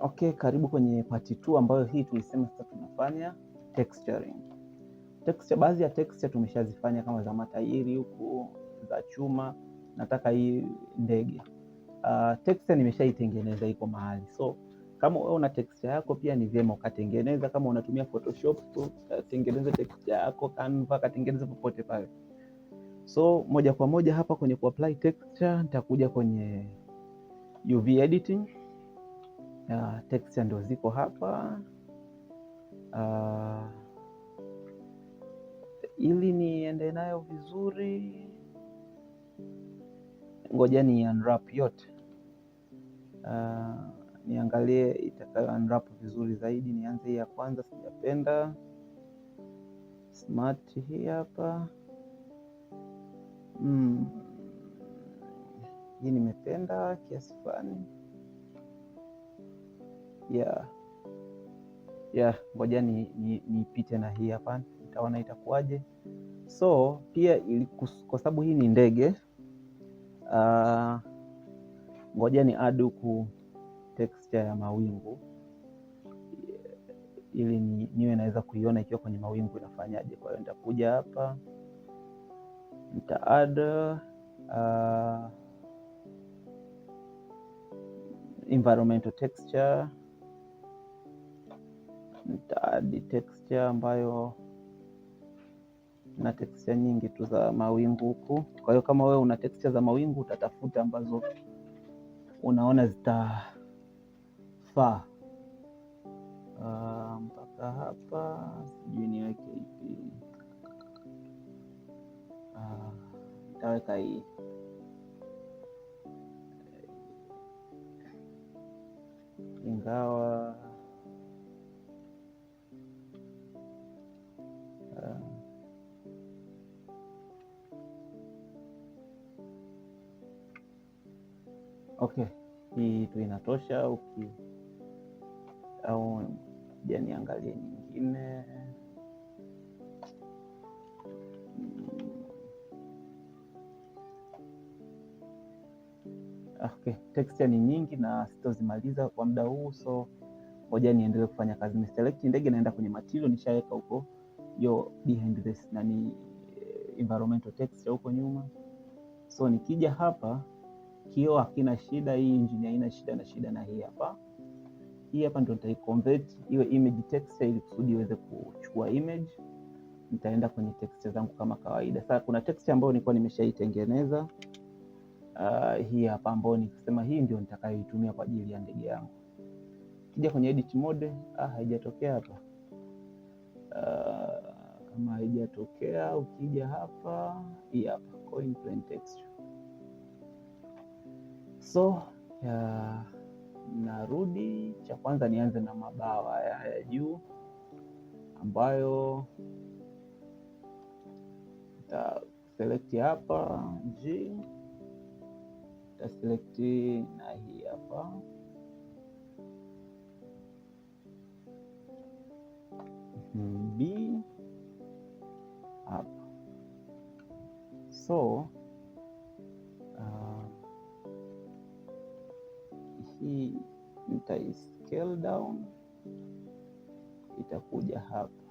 Okay, karibu kwenye part 2 ambayo hii tulisema sasa tunafanya texturing. Texture, baadhi ya texture tumeshazifanya kama za matairi huku za chuma, nataka hii ndege. Uh, texture nimeshaitengeneza iko mahali, so kama wewe una texture yako pia ni vyema ukatengeneza. Kama unatumia Photoshop ukatengeneza texture yako, Canva katengeneza popote pale. So moja kwa moja hapa kwenye kuapply texture nitakuja kwenye UV editing uh, texture ndio ziko hapa uh, ili niende nayo vizuri, ngoja ni unwrap yote uh, niangalie itakayo unwrap vizuri zaidi. Nianze hii ya kwanza, sijapenda smart hii hapa mm. Hii nimependa kiasi fulani yeah. Yeah, ngoja nipite ni, ni na hii hapa nitaona itakuwaje. So pia kwa sababu hii ni ndege uh, ngoja ni add huku texture ya mawingu ili ni, niwe naweza kuiona ikiwa kwenye mawingu inafanyaje. Kwa hiyo nitakuja hapa nita add uh, environmental texture nitaadi texture ambayo na texture nyingi tu za mawingu huku. Kwa hiyo kama wewe una texture za mawingu utatafuta ambazo unaona zitafaa. Uh, mpaka hapa sijui niweke ipi. Uh, nitaweka hii ingawa inatosha uki, au ja niangalie nyingine hmm. ah, okay. Texture ni nyingi na sitozimaliza kwa muda huu, so ngoja niendelee kufanya kazi. Niselect ndege, naenda kwenye material, nishaweka huko hiyo behind this nani eh, environmental texture huko nyuma, so nikija hapa Kioo hakina shida, hii injini haina shida na shida na hii hapa. Hii hapa ndio nitaiconvert iwe image text ili kusudi iweze kuchukua image. Nitaenda kwenye text zangu kama kawaida. Sasa kuna text ambayo nilikuwa nimeshaitengeneza uh, hii hapa ambayo nikisema hii ndio nitakayoitumia kwa ajili ya ndege yangu. Kija kwenye edit mode, ah, haijatokea hapa. Uh, kama haijatokea ukija hapa, hii hapa, coin plain text So ya, narudi cha kwanza nianze na mabawa ya, ya juu ambayo ta select hapa G ta select na hii hapa hmm, B hapa so hii nitai scale down, itakuja hapa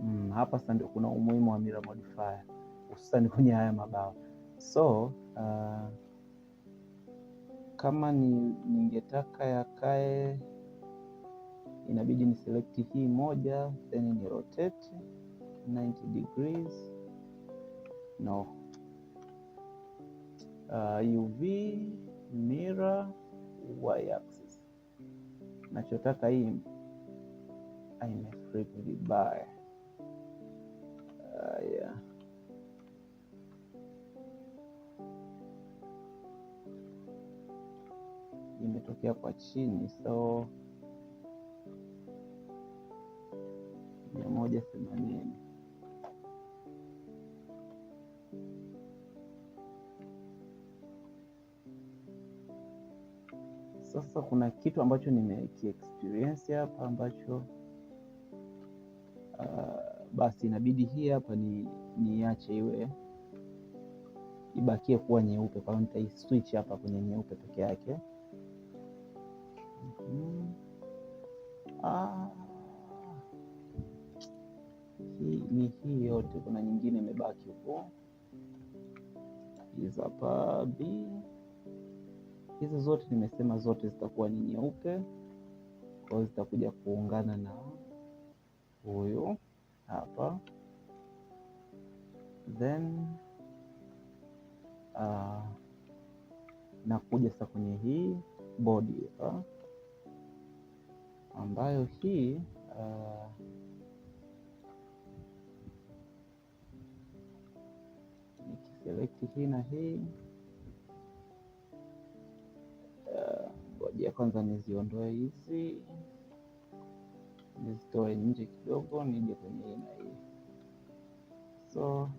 mm, hapa sasa ndio kuna umuhimu wa mirror modifier hususani kwenye haya mabao so uh, kama ni ningetaka yakae inabidi ni select hii moja then ni rotate 90 degrees no uh, UV mirror y axis. Nachotaka hii imescript vibaya. Ah, Haya, imetokea kwa chini, so mia moja themanini Sasa kuna kitu ambacho nimekiexperience hapa ambacho uh, basi inabidi hii hapa ni niache iwe ibakie kuwa nyeupe. Kwa hiyo switch hapa kwenye nyeupe peke yake. mm -hmm. ah. Hii ni hii yote, kuna nyingine imebaki huko, hizi hapa ah, b hizi zote nimesema zote zitakuwa ni nyeupe, kwa hiyo zitakuja kuungana na huyu hapa then uh, nakuja sasa kwenye hii bodi hapa ambayo hii uh, nikiselekti hii na hii ya kwanza niziondoe hizi nizitoe nje kidogo, nije kwenye hii na hii. So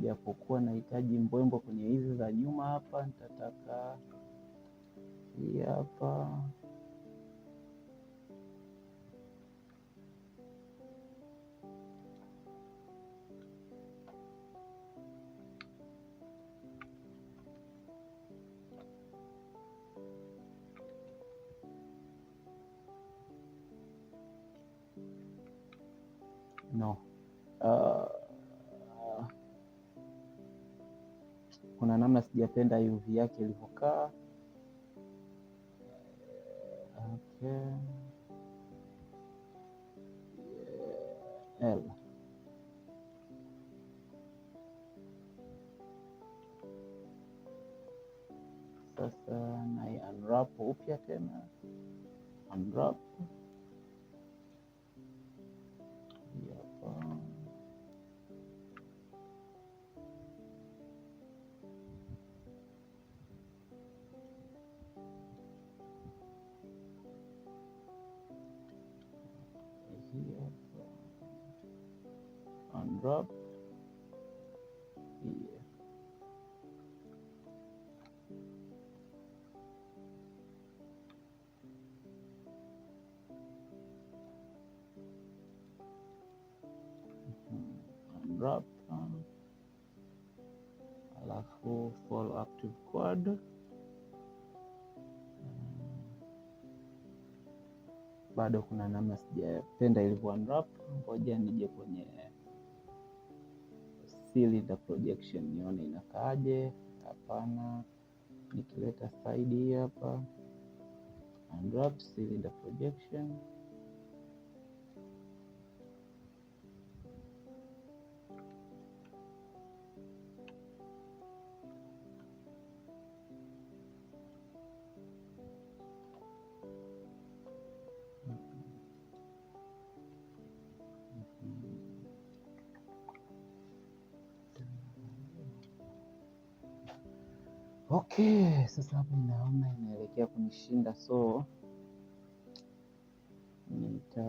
japokuwa nahitaji mbwembwe kwenye hizi za nyuma hapa, nitataka hii hapa Uh, kuna namna sijapenda UV yake ilivyokaa. Sasa na unwrap upya tena unwrap drop iya drop alafu full active quad bado kuna namna sijapenda ilivyo unwrap ngoja nije kwenye cylinder projection nione inakaaje. Hapana, nikileta side hii hapa and cylinder projection Okay, sasa hapo naona inaelekea kunishinda, so nita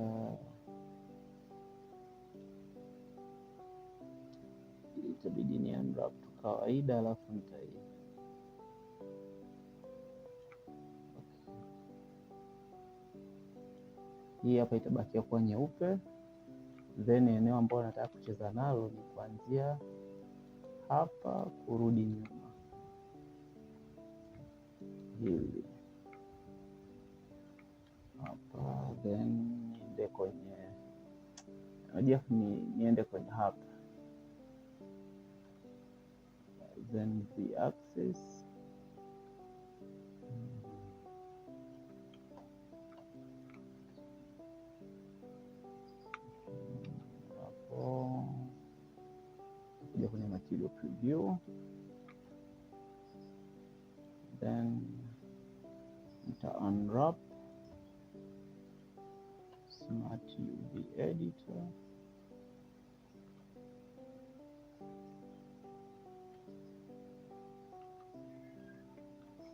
itabidi ni unwrap tu kawaida, alafu nita hii hapa itabakia kuwa nyeupe, then eneo ambayo nataka kucheza nalo ni kuanzia hapa kurudi nyuma hili hapa, then niende kwenye najafu, niende kwenye hapa, then the kuja kwenye material preview then nita unwrap smart UV editor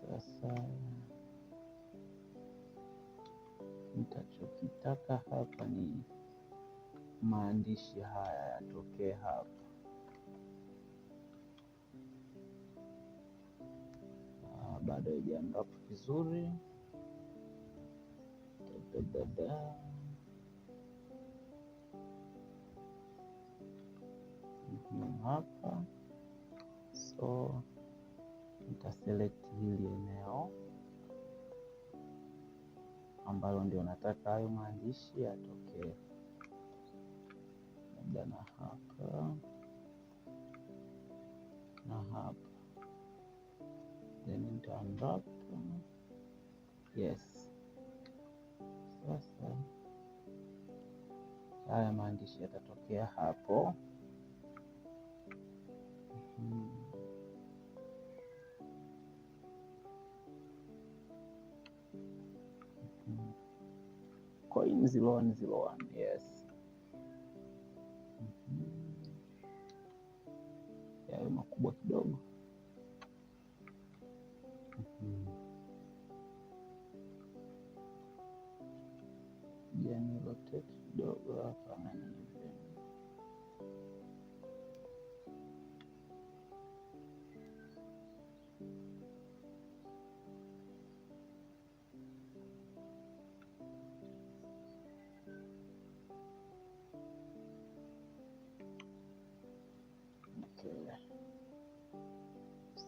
sasa nitachokitaka hapa ni maandishi haya yatokee hapa ah, bado haijaunwrap vizuri hapa so nitaselect hili eneo ambalo ndio nataka hayo maandishi yatokee, labda na hapa na hapa, then nita unwrap. Yes. haya maandishi yatatokea hapo. Hmm. Hmm. Coin 0101 yes. Hmm. Yawe makubwa kidogo. permanen gitu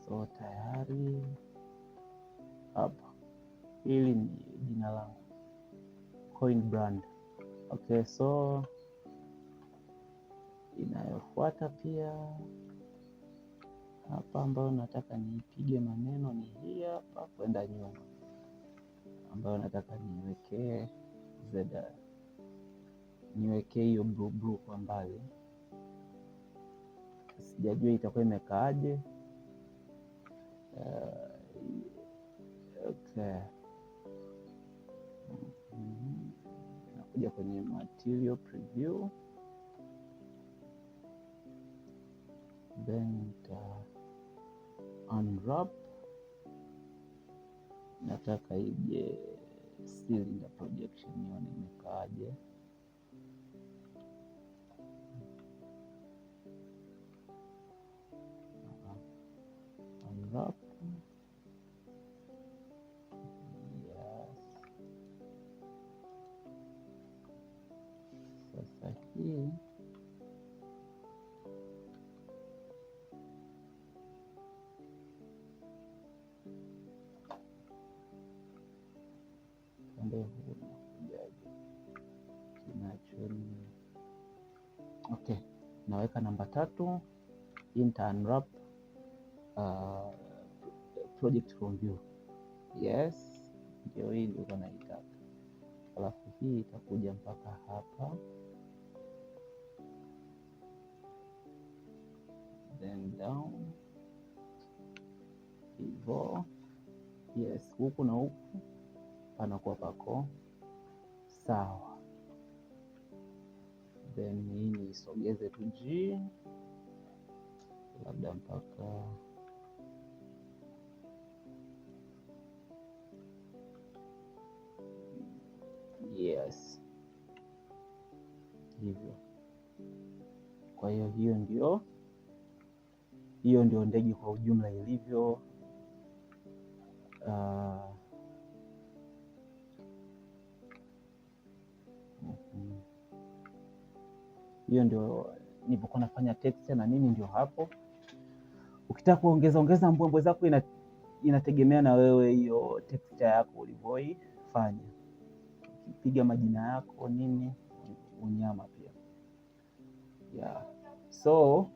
So, tayari hapa, hili Coin Brand. Okay, so inayofuata pia hapa ambayo nataka niipige maneno ni hii hapa kwenda nyuma, ambayo nataka niwekee zeda, niwekee hiyo blue blue kwa mbali. Sijajua itakuwa imekaaje. Uh, okay. kuja kwenye material preview, then nita unwrap. Nataka ije cylinder projection, nione imekaaje. Unwrap. juu upande huu nakujaje? Kinacho ni okay, naweka namba tatu. Hii nita unwrap uh, project from view. Yes, ndio hii ndio naitaka, alafu hii itakuja mpaka hapa. then down hivo Yes, huku na huku panakuwa pako sawa, then hii niisogeze tu G labda mpaka yes, hivyo. Kwa hiyo hiyo ndio hiyo ndio ndege kwa ujumla ilivyo. Uh, hiyo ndio nilipokuwa nafanya texture na nini, ndio hapo. Ukitaka kuongeza ongeza mbwembwe zako, ina, inategemea na wewe hiyo texture yako ulivyoifanya, ukipiga majina yako nini, unyama pia yeah. so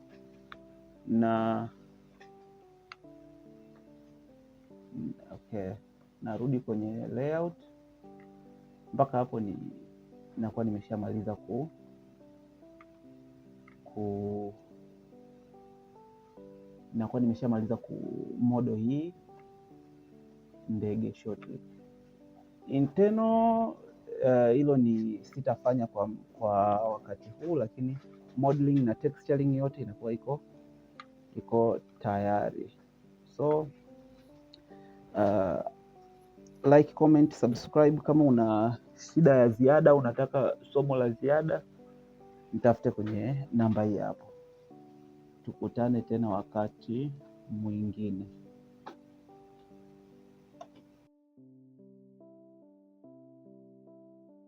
na okay, narudi kwenye layout. Mpaka hapo ni nakuwa nimeshamaliza ku ku nakuwa nimeshamaliza ku modo hii ndege shortly inteno eh, hilo uh, ni sitafanya kwa, kwa wakati huu, lakini modeling na texturing yote inakuwa iko iko tayari. So uh, like, comment, subscribe. Kama una shida ya ziada, unataka somo la ziada, nitafute kwenye namba hii hapo. Tukutane tena wakati mwingine.